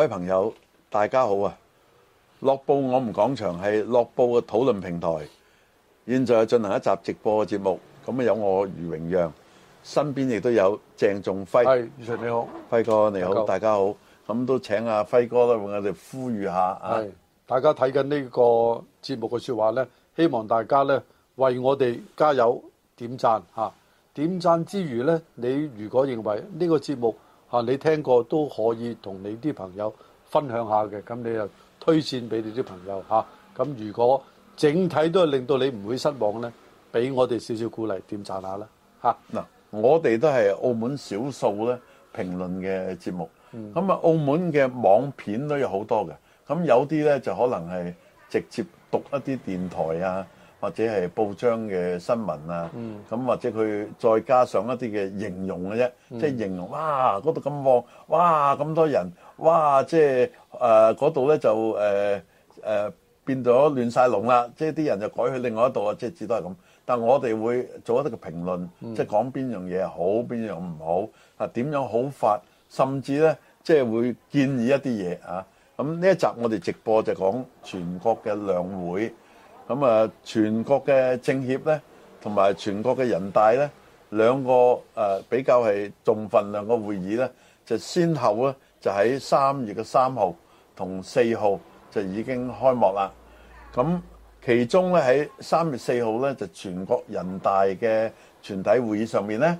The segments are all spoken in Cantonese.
各位朋友，大家好啊！樂布我唔講長，係樂布嘅討論平台。現在進行一集直播嘅節目，咁啊有我余榮耀，身邊亦都有鄭仲輝。係余 s 你好，輝哥你好，大家好。咁都請阿、啊、輝哥咧，我哋呼籲下啊！大家睇緊呢個節目嘅說話呢，希望大家呢為我哋加油點讚吓。點讚之餘呢，你如果認為呢個節目，你聽過都可以同你啲朋友分享下嘅，咁你就推薦俾你啲朋友嚇。咁、啊、如果整體都係令到你唔會失望呢，俾我哋少少鼓勵，點讚下啦？嗱、啊，我哋都係澳門少數呢評論嘅節目，咁、嗯、啊澳門嘅網片都有好多嘅，咁有啲呢，就可能係直接讀一啲電台啊。或者係報章嘅新聞啊，咁、嗯、或者佢再加上一啲嘅形容嘅啫，即、嗯、係、就是、形容哇嗰度咁旺，哇咁多人，哇即係誒嗰度咧就誒、是、誒、呃呃呃、變咗亂晒龍啦，即係啲人就改去另外一度啊，即、就、係、是、只都係咁。但係我哋會做一啲嘅評論，即、嗯、係、就是、講邊樣嘢好，邊樣唔好，啊點樣好法，甚至咧即係會建議一啲嘢啊。咁呢一集我哋直播就講全國嘅兩會。咁啊，全國嘅政協呢，同埋全國嘅人大呢，兩個誒比較係重份量嘅會議呢，就先後呢就喺三月嘅三號同四號就已經開幕啦。咁其中呢喺三月四號呢，就全國人大嘅全體會議上面呢，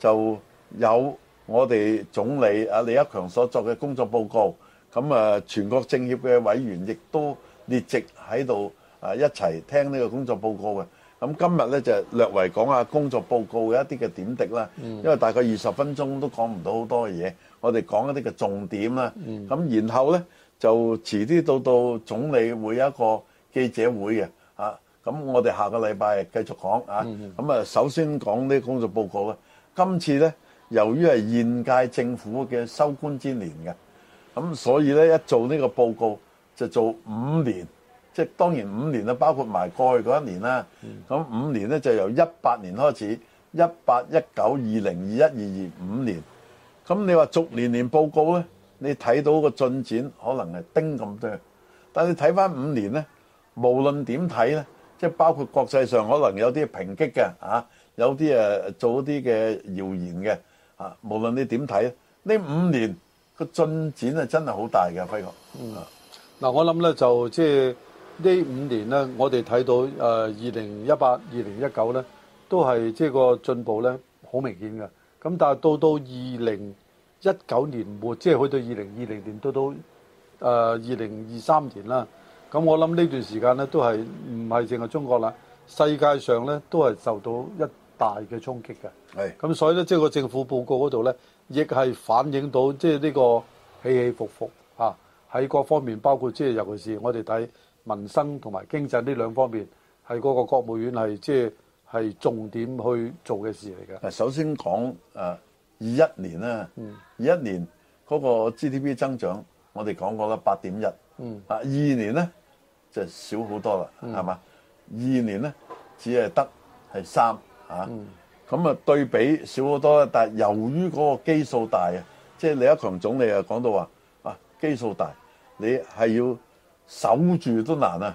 就有我哋總理阿李克強所作嘅工作報告。咁啊，全國政協嘅委員亦都列席喺度。啊！一齊聽呢個工作報告嘅，咁今日呢就略為講下工作報告嘅一啲嘅點滴啦。因為大概二十分鐘都講唔到好多嘢，我哋講一啲嘅重點啦。咁然後呢就遲啲到到總理會一個記者會嘅。啊，咁我哋下個禮拜繼續講啊。咁啊，首先講呢個工作報告啦。今次呢由於係現屆政府嘅收官之年嘅，咁所以呢一做呢個報告就做五年。即係當然五年啦，包括埋過去嗰一年啦。咁、嗯、五年咧就由一八年開始，一八一九二零二一二二五年。咁你話逐年年報告咧，你睇到個進展可能係丁咁多。但你睇翻五年咧，無論點睇咧，即包括國際上可能有啲抨擊嘅啊，有啲誒做啲嘅謠言嘅啊。無論你點睇咧，呢五年個進展係真係好大嘅，輝哥。嗱、嗯，我諗咧就即、就係呢五年呢，我哋睇到誒二零一八、二零一九呢，都係即係個進步呢好明顯嘅。咁但係到到二零一九年末，即係去到二零二零年，到到誒二零二三年啦。咁我諗呢段時間呢，都係唔係淨係中國啦，世界上呢都係受到一大嘅衝擊嘅。係咁，所以呢，即、這、係個政府報告嗰度呢，亦係反映到即係呢個起起伏伏嚇喺、啊、各方面，包括即係尤其是我哋睇。民生同埋經濟呢兩方面係嗰個國務院係即係重點去做嘅事嚟嘅。誒，首先講誒，二一年咧，二一年嗰個 GDP 增長，我哋講過啦，八點一。嗯。啊、嗯，二年咧就少好多啦，係嘛？二年咧只係得係三。嗯。咁啊，對比少好多啦。但係由於嗰個基數大啊，即係李克強總理又講到話，啊，基數大，你係要。守住都難啊！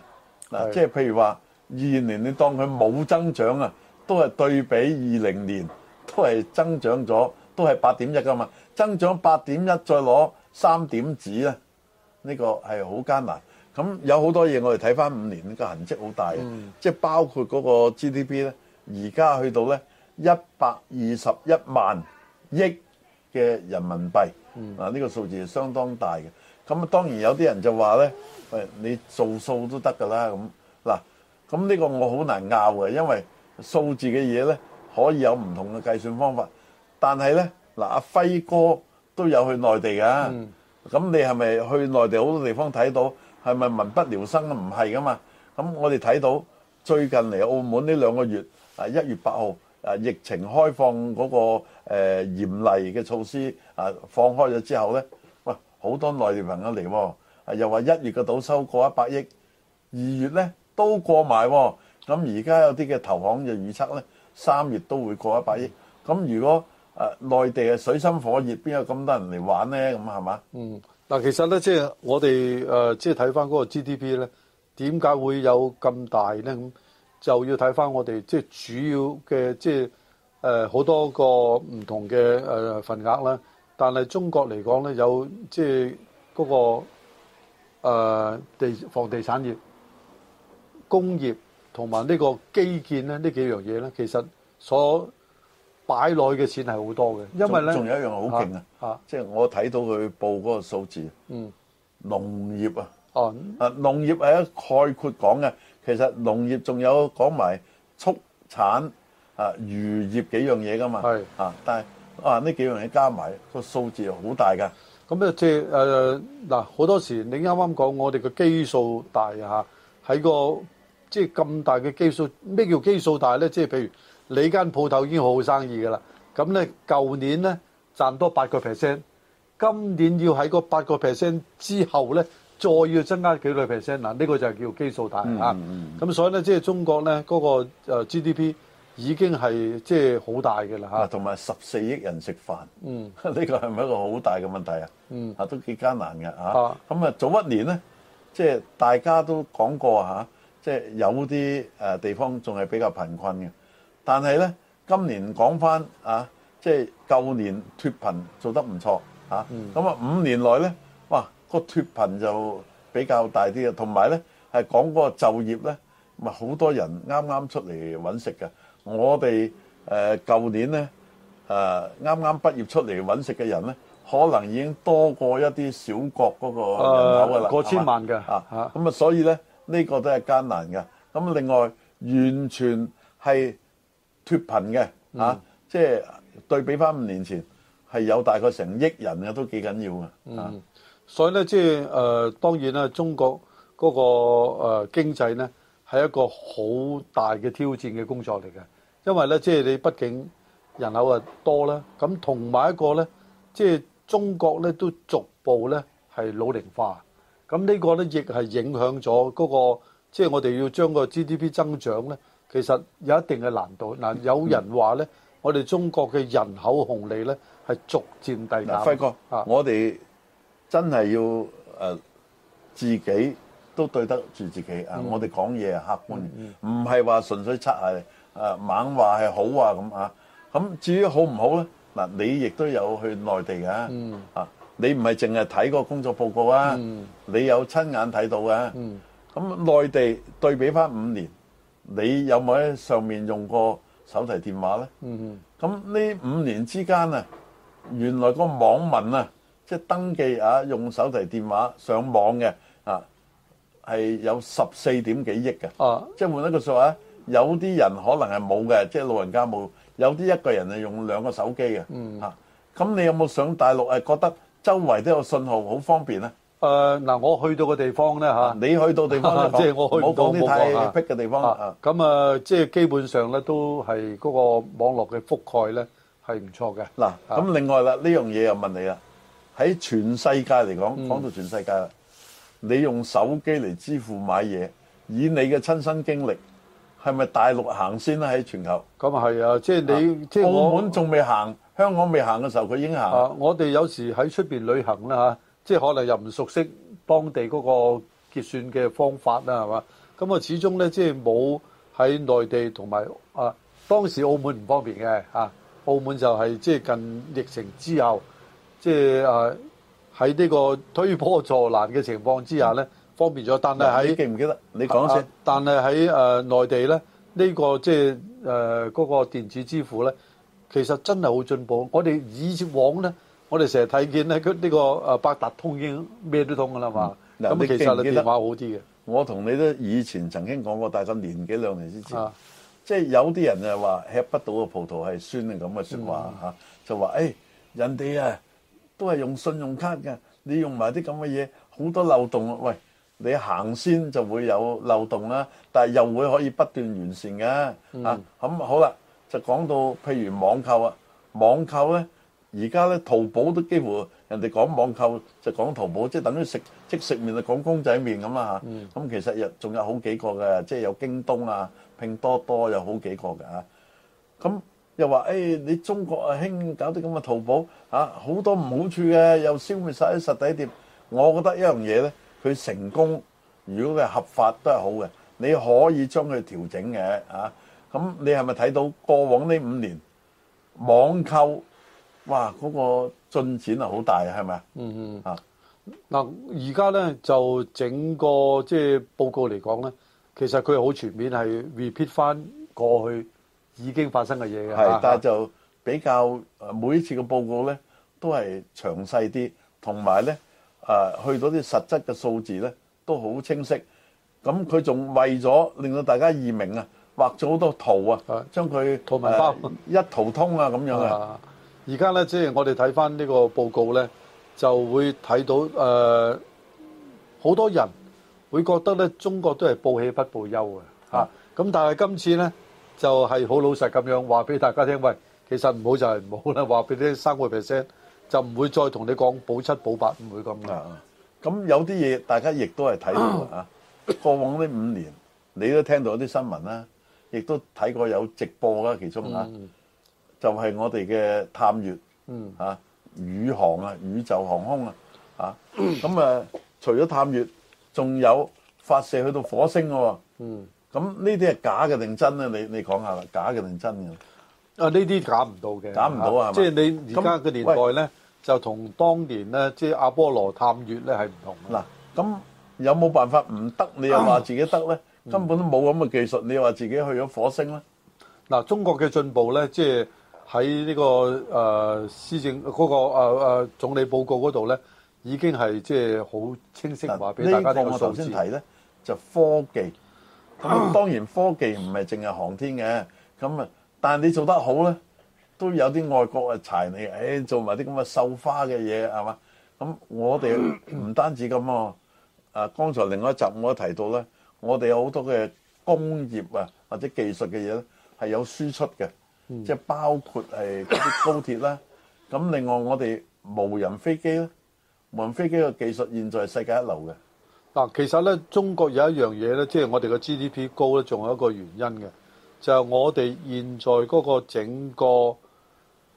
嗱，即係譬如話，二年你當佢冇增長啊，都係對比二零年，都係增長咗，都係八點一㗎嘛。增長八點一，再攞三點子咧，呢個係好艱難。咁有好多嘢我哋睇翻五年，呢個痕跡好大嘅，嗯、即係包括嗰個 GDP 呢。而家去到呢，一百二十一萬億嘅人民幣，嗯、啊呢、呢個數字係相當大嘅。咁當然有啲人就話呢，你做數都得噶啦。咁，嗱，咁呢個我好難拗嘅，因為數字嘅嘢呢，可以有唔同嘅計算方法。但係呢，嗱，阿輝哥都有去內地㗎。咁你係咪去內地好多地方睇到係咪民不聊生啊？唔係噶嘛。咁我哋睇到最近嚟澳門呢兩個月，啊，一月八號，啊，疫情開放嗰個誒嚴厲嘅措施啊，放開咗之後呢。好多內地朋友嚟喎，又話一月嘅賭收過一百億，二月咧都過埋，咁而家有啲嘅投行就預測咧，三月都會過一百億。咁如果誒內地係水深火熱，邊有咁多人嚟玩咧？咁係嘛？嗯，嗱，其實咧、即係呃，即係我哋即係睇翻嗰個 GDP 咧，點解會有咁大咧？咁就要睇翻我哋即係主要嘅，即係好、呃、多個唔同嘅份額啦。但係中國嚟講咧，有即係嗰個地房地產業、工業同埋呢個基建咧，呢幾樣嘢咧，其實所擺落去嘅錢係好多嘅，因為咧，仲有一樣好勁啊！嚇，即係我睇到佢報嗰個數字，嗯，農業啊，哦，誒農業係一概括講嘅，其實農業仲有講埋畜產、啊漁業幾樣嘢噶嘛，係，但係啊！呢幾樣嘢加埋個數字又好大㗎。咁咧即係誒嗱，好多時你啱啱講我哋個基數大呀，喺個即係咁大嘅基數，咩叫基數大咧？即係譬如你間鋪頭已經好好生意㗎啦。咁咧舊年咧賺多八個 percent，今年要喺個八個 percent 之後咧，再要增加幾多 percent？嗱，呢個就係叫基數大呀。嗯，咁所以咧，即係中國咧嗰個 GDP。已經係即係好大嘅啦嚇，同埋十四億人食飯，嗯，呢個係咪一個好大嘅問題啊？嗯，啊都幾艱難嘅嚇。咁啊，啊早一年呢，即係大家都講過嚇，啊，即係有啲誒地方仲係比較貧困嘅。但係呢，今年講翻啊，即係舊年脫貧做得唔錯嚇。咁啊，嗯、五年來呢，哇個脫貧就比較大啲嘅，同埋呢係講嗰個就業呢，咪好多人啱啱出嚟揾食嘅。我哋誒舊年咧，誒啱啱畢業出嚟揾食嘅人咧，可能已經多過一啲小國嗰個人口噶啦，呃，過千萬嘅，啊，咁啊，所以咧呢個都係艱難嘅。咁另外完全係脫貧嘅，嚇，即係對比翻五年前係有大概成億人嘅，都幾緊要嘅、啊。嗯，所以咧即係誒，當然啦，中國嗰個誒、呃、經濟咧係一個好大嘅挑戰嘅工作嚟嘅。因為咧，即係你畢竟人口啊多啦，咁同埋一個咧，即係中國咧都逐步咧係老齡化，咁呢個咧亦係影響咗嗰個，即係我哋要將個 GDP 增長咧，其實有一定嘅難度。嗱，有人話咧，我哋中國嘅人口紅利咧係逐漸遞減。輝哥，我哋真係要誒自己都對得住自己啊！我哋講嘢係客觀，唔係話純粹測下。誒猛話係好啊咁啊，咁至於好唔好咧？嗱，你亦都有去內地嘅，啊，你唔係淨係睇個工作報告啊，你有親眼睇到嘅，咁內地對比翻五年，你有冇喺上面用過手提電話咧？咁呢五年之間啊，原來個網民啊，即係登記啊，用手提電話上網嘅啊，係有十四點幾億嘅，即係換一個數啊！有啲人可能係冇嘅，即係老人家冇。有啲一個人係用兩個手機嘅。嗯吓，咁你有冇上大陸係覺得周圍都有信號，好方便咧？誒嗱，我去到嘅地方咧吓，你去到地方呢，即係我去講啲太僻嘅地方咁啊，即係基本上咧都係嗰個網絡嘅覆蓋咧係唔錯嘅。嗱，咁另外啦，呢樣嘢又問你啦，喺全世界嚟講，嗯，講到全世界啦，你用手機嚟支付買嘢，以你嘅親身經歷。係咪大陸行先啦？喺全球咁啊，係、就是、啊！即係你，即係澳門仲未行，香港未行嘅時候，佢已經行。啊！我哋有時喺出邊旅行啦嚇、啊，即係可能又唔熟悉當地嗰個結算嘅方法啦，係嘛？咁啊，始終咧，即係冇喺內地同埋啊，當時澳門唔方便嘅嚇、啊。澳門就係、是、即係近疫情之後，即係啊喺呢個推波助瀾嘅情況之下咧。嗯方便咗，但係喺記唔記得？你講先、啊。但係喺誒內地咧，呢、這個即係誒嗰個電子支付咧，其實真係好進步。我哋以往咧，我哋成日睇見咧，佢、這、呢個誒八、呃、達通已經咩都通噶啦嘛。咁、嗯嗯啊、其實你記記電話好啲嘅。我同你都以前曾經講過，大概年幾兩年之前、啊，即係有啲人係話吃不到嘅葡萄係酸嘅咁嘅説話嚇、嗯啊，就話誒、欸、人哋啊都係用信用卡㗎，你用埋啲咁嘅嘢，好多漏洞啊喂！你行先就會有漏洞啦、啊，但係又會可以不斷完善嘅、啊，嗯、啊咁好啦，就講到譬如網購啊，網購呢，而家呢，淘寶都幾乎人哋講網購就講淘寶，即、就是、等於食即食麵就講公仔麵咁啊咁、嗯啊、其實又仲有好幾個嘅，即係有京東啊、拼多多有好幾個嘅咁、啊啊、又話誒、哎、你中國啊興搞啲咁嘅淘寶啊好多唔好處嘅，又消滅晒啲實體店。我覺得一樣嘢呢。佢成功，如果佢合法都係好嘅，你可以將佢調整嘅咁、啊、你係咪睇到過往呢五年網購哇嗰、嗰個進展係好大、嗯嗯、啊？係咪啊？嗯嗯啊嗱而家咧就整個即係、就是、報告嚟講咧，其實佢係好全面，係 repeat 翻過去已經發生嘅嘢嘅。係、啊，但係就比較每一次嘅報告咧，都係詳細啲，同埋咧。誒、啊、去到啲實質嘅數字咧，都好清晰。咁佢仲為咗令到大家易明啊，畫咗好多圖啊，將佢圖文包、啊、一圖通啊咁樣啊。而家咧，即、就、係、是、我哋睇翻呢個報告咧，就會睇到誒好、呃、多人會覺得咧，中國都係報喜不報憂、嗯、啊。咁但係今次咧，就係、是、好老實咁樣話俾大家聽，喂，其實唔好就係唔好啦，話俾啲三個 percent。就唔會再同你講保七，保八唔會咁噶，咁、啊、有啲嘢大家亦都係睇到啊。 過往呢五年，你都聽到啲新聞啦、啊，亦都睇過有直播啦、啊，其中啊，嗯、就係、是、我哋嘅探月，嗯宇、啊、航啊，宇宙航空啊，啊咁 啊，除咗探月，仲有發射去到火星喎、啊。嗯，咁呢啲係假嘅定真咧？你你講下啦，假嘅定真嘅？啊，呢啲假唔到嘅，假唔到啊，啊即係你而家嘅年代咧。呢就同當年咧，即係阿波羅探月咧係唔同、啊。嗱，咁有冇辦法唔得？你又話自己得咧、啊嗯？根本都冇咁嘅技術，你又話自己去咗火星咧？嗱、啊，中國嘅進步咧，即係喺呢個誒施、呃、政嗰、嗰個誒誒、呃、總理報告嗰度咧，已經係即係好清晰話俾大家嘅、啊這個、我頭先提咧，就是、科技。咁、啊、當然科技唔係淨係航天嘅，咁啊，但係你做得好咧。都有啲外國嘅柴你，誒、哎、做埋啲咁嘅繡花嘅嘢係嘛？咁我哋唔單止咁喎，啊，剛才另外一集我都提到咧，我哋有好多嘅工業啊或者技術嘅嘢咧係有輸出嘅，即、嗯、係包括係嗰啲高鐵啦、啊。咁另外我哋無人飛機咧、啊，無人飛機嘅技術現在世界一流嘅。嗱，其實咧中國有一樣嘢咧，即、就、然、是、我哋嘅 GDP 高咧，仲有一個原因嘅，就係、是、我哋現在嗰個整個。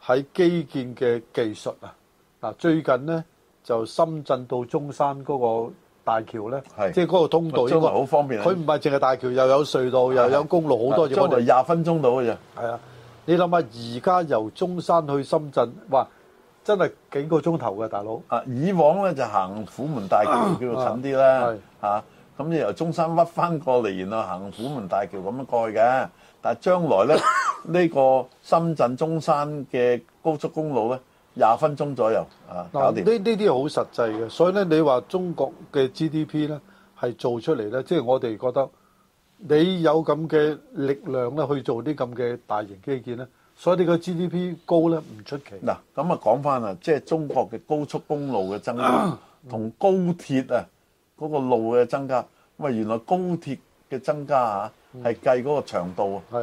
喺基建嘅技術啊，嗱，最近咧就深圳到中山嗰個大橋咧，即係嗰個通道真係好方便。佢唔係淨係大橋，又有隧道，是是又有公路，好多嘢。將來廿分鐘到嘅啫。係啊，你諗下而家由中山去深圳，哇，真係幾個鐘頭嘅大佬。啊，以往咧就行虎門大橋、啊、叫做近啲啦，嚇咁你由中山屈翻過嚟，然後行虎門大橋咁樣過去嘅，但係將來咧。 呢個深圳中山嘅高速公路呢，廿分鐘左右啊，嗱，呢呢啲好實際嘅，所以呢，你話中國嘅 GDP 呢係做出嚟呢？即係我哋覺得你有咁嘅力量呢去做啲咁嘅大型基建呢，所以你個 GDP 高呢唔出奇。嗱，咁啊講翻啊，即係中國嘅高速公路嘅增加同高鐵啊嗰個路嘅增加，喂，原來高鐵嘅增加啊係計嗰個長度啊。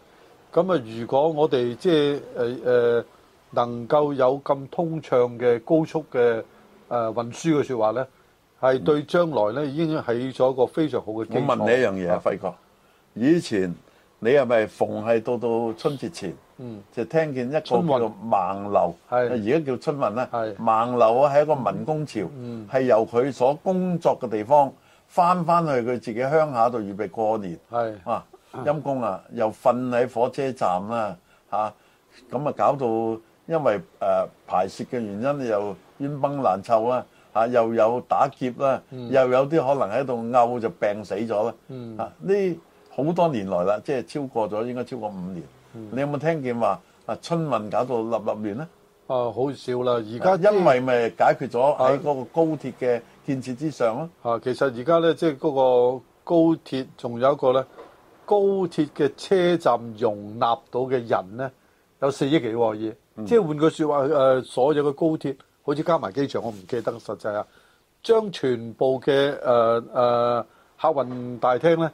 咁啊！如果我哋即係誒能夠有咁通暢嘅高速嘅誒、呃、運輸嘅說話咧，係對將來咧已經起咗一個非常好嘅基礎。我問你一樣嘢啊，輝哥，以前你係咪逢係到到春節前，嗯，就聽見一個叫做盲流，而家叫春運咧，盲流啊，係一個民工潮，係、嗯嗯、由佢所工作嘅地方翻翻去佢自己鄉下度預備過年，啊！陰公啊！又瞓喺火車站啦咁啊，啊就搞到因為誒、呃、排泄嘅原因，又煙崩爛臭啦、啊啊、又有打劫啦、啊嗯，又有啲可能喺度嘔就病死咗啦嚇。呢、嗯、好、啊、多年來啦，即係超過咗應該超過五年。嗯、你有冇聽見話啊？春運搞到立立亂咧？啊，好笑啦，而家、啊、因為咪解決咗喺嗰個高鐵嘅建設之上咯、啊啊、其實而家咧，即係嗰個高鐵仲有一個咧。高鐵嘅車站容納到嘅人呢，有四億幾喎，而即係換句説話，誒所有嘅高鐵好似加埋機場，我唔記得實際啊，將全部嘅誒誒客運大廳呢，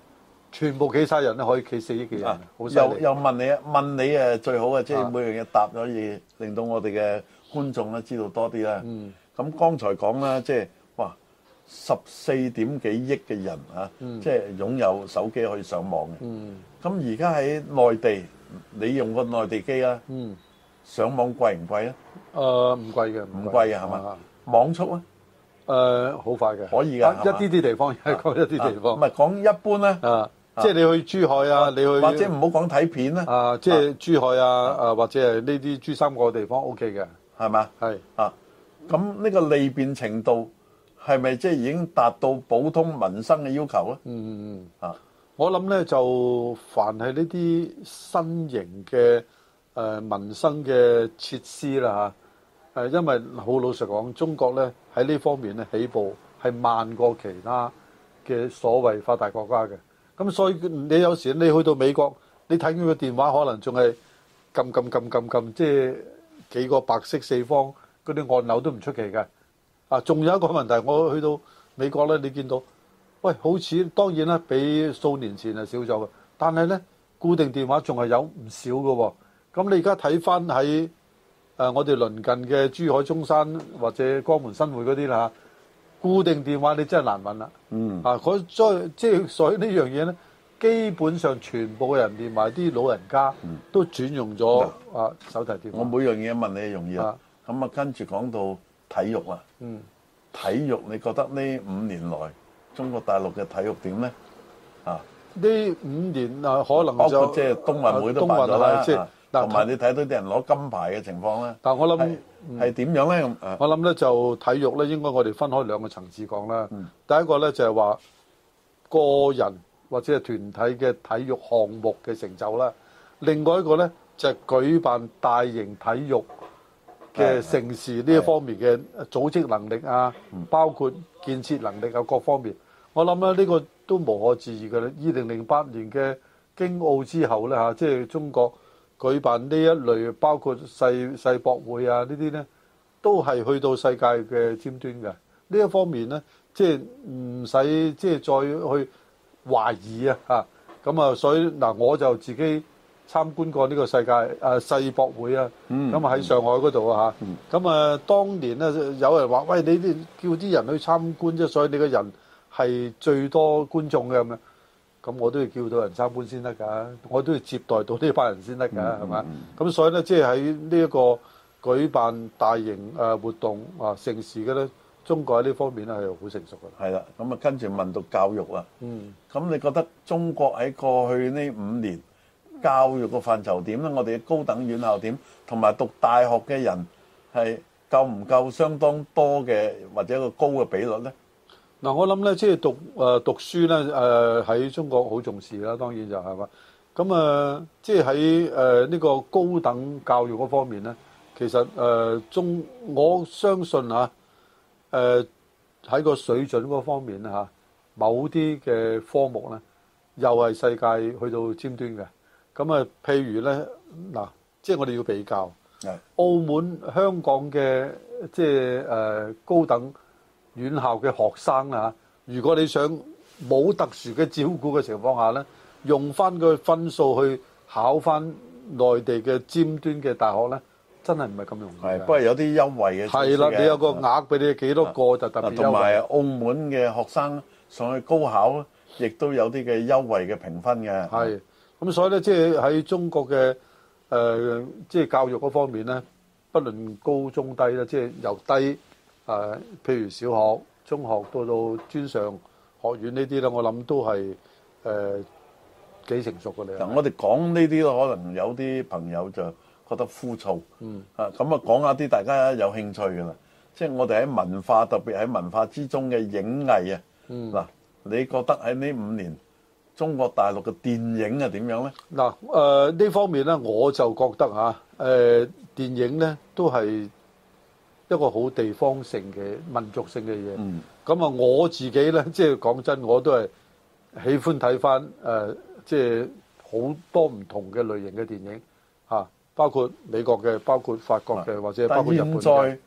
全部企晒人呢，可以企四億幾人，啊啊、又又問你啊，問你誒最好啊，即係每樣嘢答咗嘢，令到我哋嘅觀眾咧知道多啲啦。咁、嗯、剛才講啦，即係。十四點幾億嘅人、啊嗯、即係擁有手機可以上網嘅。咁而家喺內地，你用個內地機啦、啊嗯，上網貴唔貴咧？誒、呃，唔貴嘅，唔貴嘅係嘛？網速呢、啊，誒、呃，好快嘅，可以㗎、啊。一啲啲地方，啊、一啲地方。唔係講一般咧。啊，即、就、係、是、你去珠海啊，啊你去或者唔好講睇片咧、啊。啊，即、就、係、是、珠海啊，啊，啊，啊或者係呢啲珠三角嘅地方 OK 嘅，係嘛？係啊，咁呢個利便程度。係咪即係已經達到普通民生嘅要求咧？嗯嗯嗯啊！我諗咧，就凡係呢啲新型嘅誒民生嘅設施啦嚇誒，因為好老實講，中國咧喺呢方面咧起步係慢過其他嘅所謂發達國家嘅。咁所以你有時你去到美國，你睇佢嘅電話，可能仲係撳撳撳撳撳，即係幾個白色四方嗰啲按鈕都唔出奇嘅。啊，仲有一個問題，我去到美國咧，你見到，喂，好似當然啦，比數年前係少咗嘅，但係咧固定電話仲係有唔少嘅喎、哦。咁你而家睇翻喺誒我哋鄰近嘅珠海、中山或者江門新會嗰啲啦，固定電話你真係難揾啦。嗯。啊，嗰再即係所以，所以這件事呢樣嘢咧，基本上全部嘅人連埋啲老人家都轉用咗、嗯、啊手提電話。我每樣嘢問你容易啊。咁啊，跟住講到。體育啊、嗯，體育，你覺得呢五年來中國大陸嘅體育點呢？啊，呢五年啊，可能就包括即係冬運會都辦咗啦，同、啊、埋、啊、你睇到啲人攞金牌嘅情況咧、啊。但我諗係點樣咧、嗯啊？我諗咧就體育咧，應該我哋分開兩個層次講啦、嗯。第一個咧就係、是、話個人或者係團體嘅體育項目嘅成就啦。另外一個咧就係、是、舉辦大型體育。嘅城市呢一方面嘅組織能力啊，包括建設能力啊各方面，我諗咧呢個都無可置疑啦。二零零八年嘅京奧之後呢，即係中國舉辦呢一類包括世世博會啊呢啲呢，都係去到世界嘅尖端嘅呢一方面呢，即係唔使即係再去懷疑啊。咁啊，所以嗱我就自己。參觀過呢個世界誒世博會、嗯在嗯、啊，咁啊喺上海嗰度啊嚇，咁啊當年咧有人話：喂，你叫啲人去參觀啫，所以你個人係最多觀眾嘅咁樣。咁我都要叫到人參觀先得㗎，我都要接待到呢班人先得㗎，係、嗯、嘛？咁所以咧，即係喺呢一個舉辦大型誒活動啊盛事嘅咧，中國喺呢方面咧係好成熟嘅。係啦，咁啊跟住問到教育啊，咁、嗯、你覺得中國喺過去呢五年？教育嘅範疇點咧？我哋高等院校點同埋讀大學嘅人係夠唔夠相當多嘅，或者一個高嘅比率咧？嗱、嗯，我諗咧，即、就、係、是、讀誒讀書咧誒喺中國好重視啦，當然就係話咁啊，即係喺誒呢個高等教育嗰方面咧，其實誒、呃、中我相信啊，誒、呃、喺個水準嗰方面嚇、啊，某啲嘅科目咧又係世界去到尖端嘅。咁啊，譬如咧，嗱，即係我哋要比較，澳門、香港嘅即係、呃、高等院校嘅學生啊，如果你想冇特殊嘅照顧嘅情況下咧，用翻個分數去考翻內地嘅尖端嘅大學咧，真係唔係咁容易。係，不過有啲優惠嘅。係啦，你有個額俾你幾多個就特別優惠。同埋澳門嘅學生上去高考，亦都有啲嘅優惠嘅評分嘅。係。咁所以咧，即係喺中國嘅即係教育嗰方面咧，不論高中低啦，即係由低誒，譬如小學、中學到到專上學院呢啲咧，我諗都係幾成熟嘅咧。嗱，我哋講呢啲咧，可能有啲朋友就覺得枯燥。嗯。啊，咁啊，講下啲大家有興趣嘅啦，即係我哋喺文化，特別喺文化之中嘅影藝啊。嗯。嗱，你覺得喺呢五年？中國大陸嘅電影係點樣呢？嗱、呃，誒呢方面呢，我就覺得啊，誒、呃、電影呢都係一個好地方性嘅民族性嘅嘢。嗯。咁啊，我自己呢，即係講真，我都係喜歡睇翻誒，即係好多唔同嘅類型嘅電影嚇、啊，包括美國嘅，包括法國嘅、嗯，或者包括日本嘅。但現在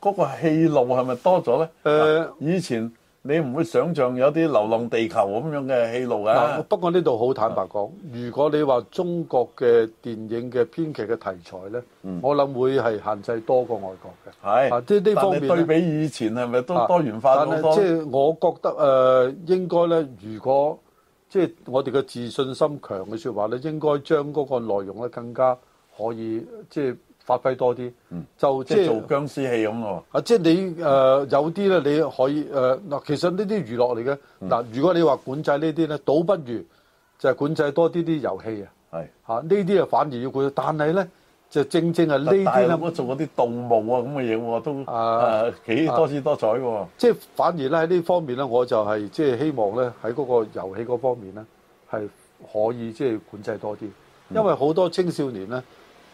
嗰、那個戲路係咪多咗呢？誒、呃，以前。你唔會想象有啲流浪地球咁樣嘅戲路㗎，啊。不過呢度好坦白講，如果你話中國嘅電影嘅編劇嘅題材呢，我諗會係限制多過外國嘅。係即係呢方面呢，你對比以前係咪都多元化好多？即係、就是、我覺得誒、呃，應該呢，如果即係、就是、我哋嘅自信心強嘅說話呢，應該將嗰個內容呢更加可以即係。就是發揮多啲、嗯，就即係做僵屍戲咁喎。啊、嗯，即係你誒、呃、有啲咧，你可以誒嗱、呃，其實呢啲娛樂嚟嘅嗱。如果你話管制這些呢啲咧，倒不如就係管制多啲啲遊戲啊。係嚇，呢啲啊反而要管。但係咧，就正正係呢啲咧，我做嗰啲動夢啊咁嘅嘢喎，都啊幾、啊、多姿多彩喎、啊。即係反而咧喺呢方面咧，我就係即係希望咧喺嗰個遊戲嗰方面咧係可以即係管制多啲、嗯，因為好多青少年咧。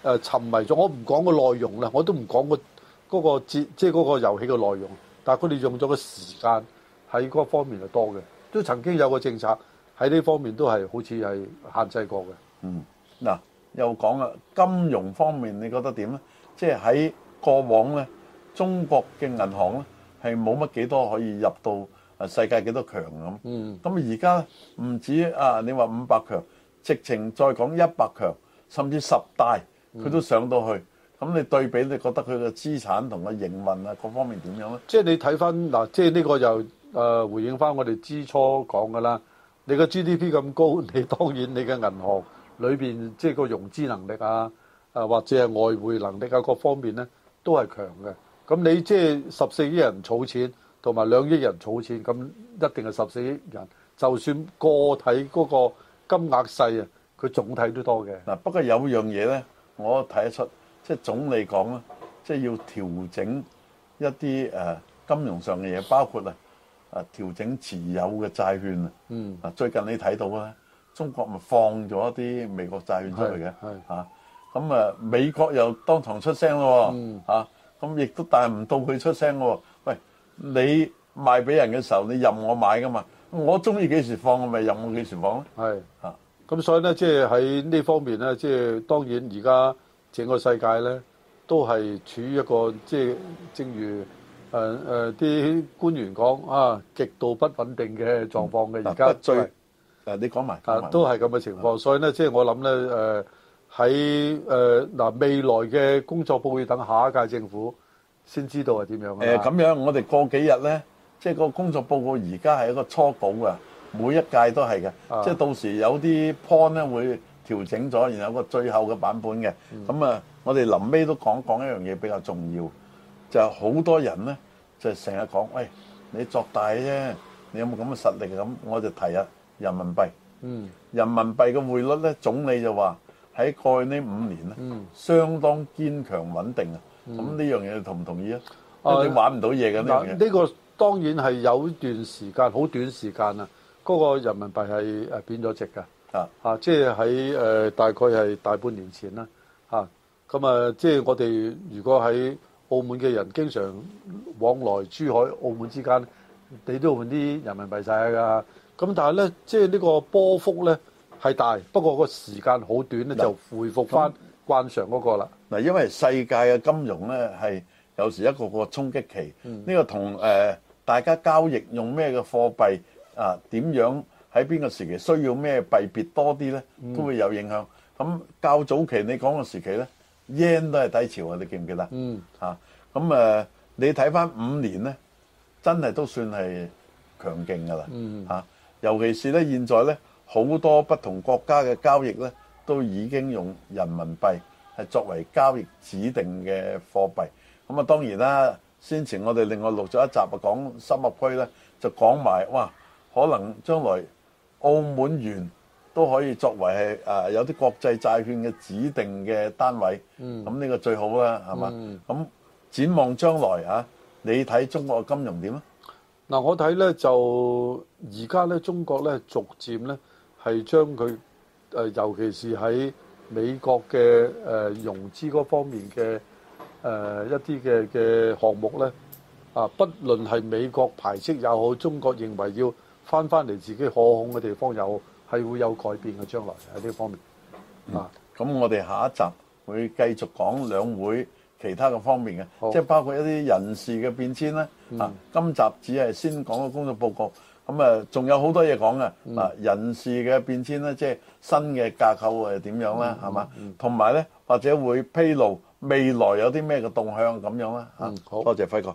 誒沉迷咗，我唔講個內容啦，我都唔講個嗰個節，即係嗰個遊戲嘅內容。但係佢哋用咗個時間喺嗰方面係多嘅。都曾經有個政策喺呢方面都係好似係限制過嘅。嗯，嗱，又講呀，金融方面你覺得點呢？即係喺過往呢，中國嘅銀行呢係冇乜幾多可以入到誒世界幾多強咁。嗯，咁而家唔止啊，你話五百強，直情再講一百強，甚至十大。佢都上到去，咁你對比，你覺得佢嘅資產同個營運啊各方面點樣呢？即、嗯、係、就是、你睇翻嗱，即係呢個就誒、呃、回應翻我哋之初講㗎啦。你個 GDP 咁高，你當然你嘅銀行裏邊即係個融資能力啊，誒、啊、或者係外匯能力啊各方面呢，都係強嘅。咁你即係十四億人儲錢，同埋兩億人儲錢，咁一定係十四億人。就算個體嗰個金額細啊，佢總體都多嘅。嗱、啊，不過有一樣嘢呢。我睇得出，即係總理講咧，即係要調整一啲金融上嘅嘢，包括啊啊調整持有嘅債券，嗯、債券啊。嗯。啊，最近你睇到咧，中國咪放咗一啲美國債券出去嘅。係。係。嚇。咁啊美國又當堂出聲咯。嗯。嚇，咁亦都帶唔到佢出聲喎。喂，你賣俾人嘅時候，你任我買噶嘛？我中意幾時放，我咪任我幾時放咯。咁所以咧，即係喺呢方面咧，即係當然而家整個世界咧，都係處於一個即係，正如誒誒啲官員講啊，極度不穩定嘅狀況嘅而家最。誒，你講埋。啊，都係咁嘅情況，所以咧，即係我諗咧誒，喺誒嗱未來嘅工作報會等下一屆政府先知道係點樣。誒，咁樣我哋過幾日咧，即係個工作報告而家係一個初稿嘅。每一屆都係嘅、啊，即係到時有啲 point 咧會調整咗，然後有個最後嘅版本嘅。咁、嗯、啊，我哋臨尾都講一講一樣嘢比較重要，就係好多人呢就成日講，喂、哎，你作大啫，你有冇咁嘅實力咁？我就提下人民幣，嗯、人民幣嘅匯率呢，總理就話喺過去呢五年呢、嗯，相當堅強穩定啊。咁呢樣嘢同唔同意啊？啊，你玩唔到嘢嘅呢樣嘢。呢、啊這個當然係有段時間，好短時間啊。嗰、那個人民幣係誒變咗值嘅、啊，啊啊，即係喺誒大概係大半年前啦，嚇咁啊，即係我哋如果喺澳門嘅人經常往來珠海、澳門之間，你都換啲人民幣晒㗎。咁但係咧，即係呢個波幅咧係大，不過個時間好短咧，就恢復返慣常嗰個啦。嗱，因為世界嘅金融咧係有時一個個衝擊期，呢、這個同誒、呃、大家交易用咩嘅貨幣？啊！點樣喺邊個時期需要咩幣別多啲呢？都會有影響。咁、嗯、較早期你講嘅時期呢 yen 都係低潮啊！你記唔記得？嗯、啊，咁、啊、誒，你睇翻五年呢，真係都算係強勁㗎啦。嗯、啊，尤其是呢，現在呢，好多不同國家嘅交易呢，都已經用人民幣係作為交易指定嘅貨幣。咁啊，當然啦，先前我哋另外錄咗一集講深入區呢，就講埋哇。可能將來澳門元都可以作為係誒有啲國際債券嘅指定嘅單位，咁呢個最好啦，係嘛？咁展望將來嚇，你睇中國嘅金融點啊？嗱，我睇咧就而家咧，中國咧逐漸咧係將佢誒，尤其是喺美國嘅誒融資嗰方面嘅誒一啲嘅嘅項目咧，啊，不論係美國排斥也好，中國認為要。翻翻嚟自己可控嘅地方有係會有改變嘅，將來喺呢方面。嗱、啊，咁、嗯、我哋下一集會繼續講兩會其他嘅方面嘅，即係包括一啲人事嘅變遷咧、嗯。啊，今集只係先講個工作報告，咁啊，仲有好多嘢講嘅。嗱、嗯啊，人事嘅變遷咧，即係新嘅架構係點樣咧？係、嗯、嘛？同埋咧，或者會披露未來有啲咩嘅動向咁樣咧、啊？嚇、嗯，好、多謝輝哥。